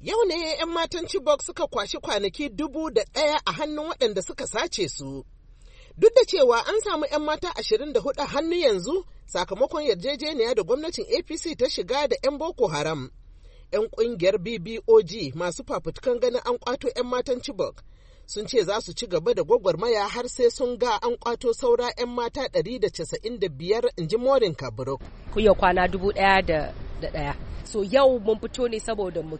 Yau ne 'yan matan Chibok suka kwashi kwanaki dubu da ɗaya a hannun waɗanda suka sace su. Duk da cewa an samu 'yan mata ashirin da hudu hannu yanzu sakamakon yarjejeniya da gwamnatin APC ta shiga da 'yan Boko Haram. 'Yan ƙungiyar BBOG masu fafutukan ganin an kwato 'yan matan Chibok sun ce za su ci gaba da gwagwarmaya har sai sun ga an kwato saura 'yan mata 195 in ji Morin Kabrok. Kuya kwana dubu ɗaya da da ɗaya so yau mun fito ne saboda mu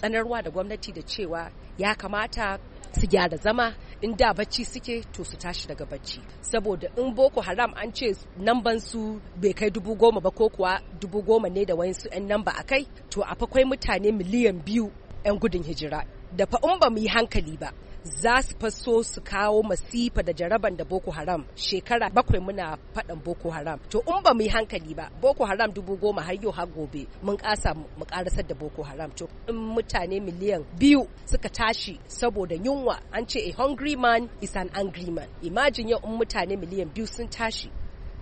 sanarwa da gwamnati da cewa ya kamata su gyara zama in da bacci suke to su tashi daga bacci saboda in boko haram an ce namban su bai kai dubu goma ba ko kuwa dubu goma ne da wayansu 'yan namba a kai to akwai mutane miliyan biyu 'yan gudun hijira da fa'un in ba mu yi hankali ba za su faso su kawo masifa da jaraban da Boko Haram shekara bakwai muna faɗan Boko Haram to in ba mu yi hankali ba Boko Haram dubu goma har yau har gobe mun kasa mu karasar da Boko Haram to in mutane miliyan biyu suka tashi saboda yunwa an ce a hungry man is an angry man imagine yau in mutane miliyan biyu sun tashi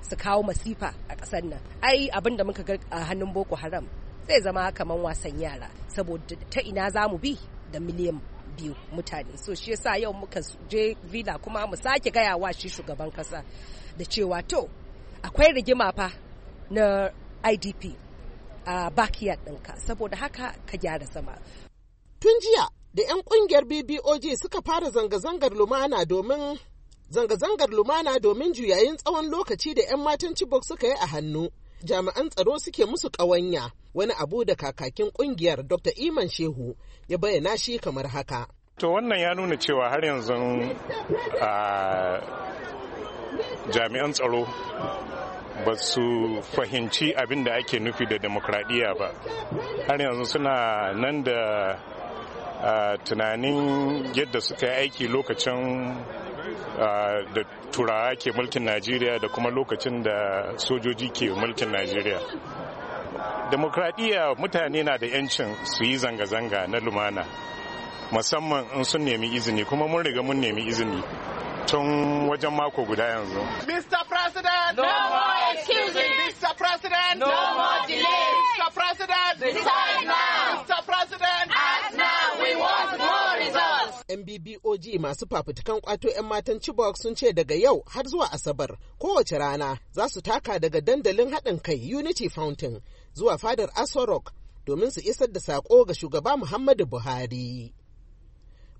su kawo masifa a ƙasar nan ai abin da muka ga a hannun Boko Haram zai zama kamar wasan yara saboda ta ina za mu bi da miliyan biyu mutane so shi yasa yau muka je villa kuma mu sake gayawa shi shugaban kasa da cewa to akwai rigima fa na idp a bakiyar ɗinka saboda haka ka gyara sama tun jiya da 'yan kungiyar bbog suka fara zanga-zangar lumana domin zanga-zangar lumana domin juyayin tsawon lokaci da 'yan matan chibok suka yi a hannu jami'an tsaro suke musu ƙawanya wani abu da kakakin ƙungiyar dr iman shehu ya bayyana shi kamar haka to wannan ya nuna cewa har yanzu jami'an tsaro ba su fahimci abin da ake nufi da demokradiyya ba har yanzu suna nan da tunanin yadda suka yi aiki lokacin da turawa ke mulkin najeriya da kuma lokacin da sojoji ke mulkin najeriya demokradiyya mutane na da 'yancin su yi zanga-zanga na lumana musamman in sun nemi izini kuma mun riga mun nemi izini tun wajen mako guda yanzu mr president no. MBBOG masu fafutukan kwato 'yan matan Chibok sun ce daga yau har zuwa Asabar kowace rana za su taka daga dandalin haɗin kai Unity Fountain zuwa fadar Aso domin su isar da saƙo ga shugaba Muhammadu Buhari.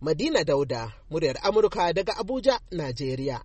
Madina Dauda, muryar Amurka daga Abuja, Najeriya.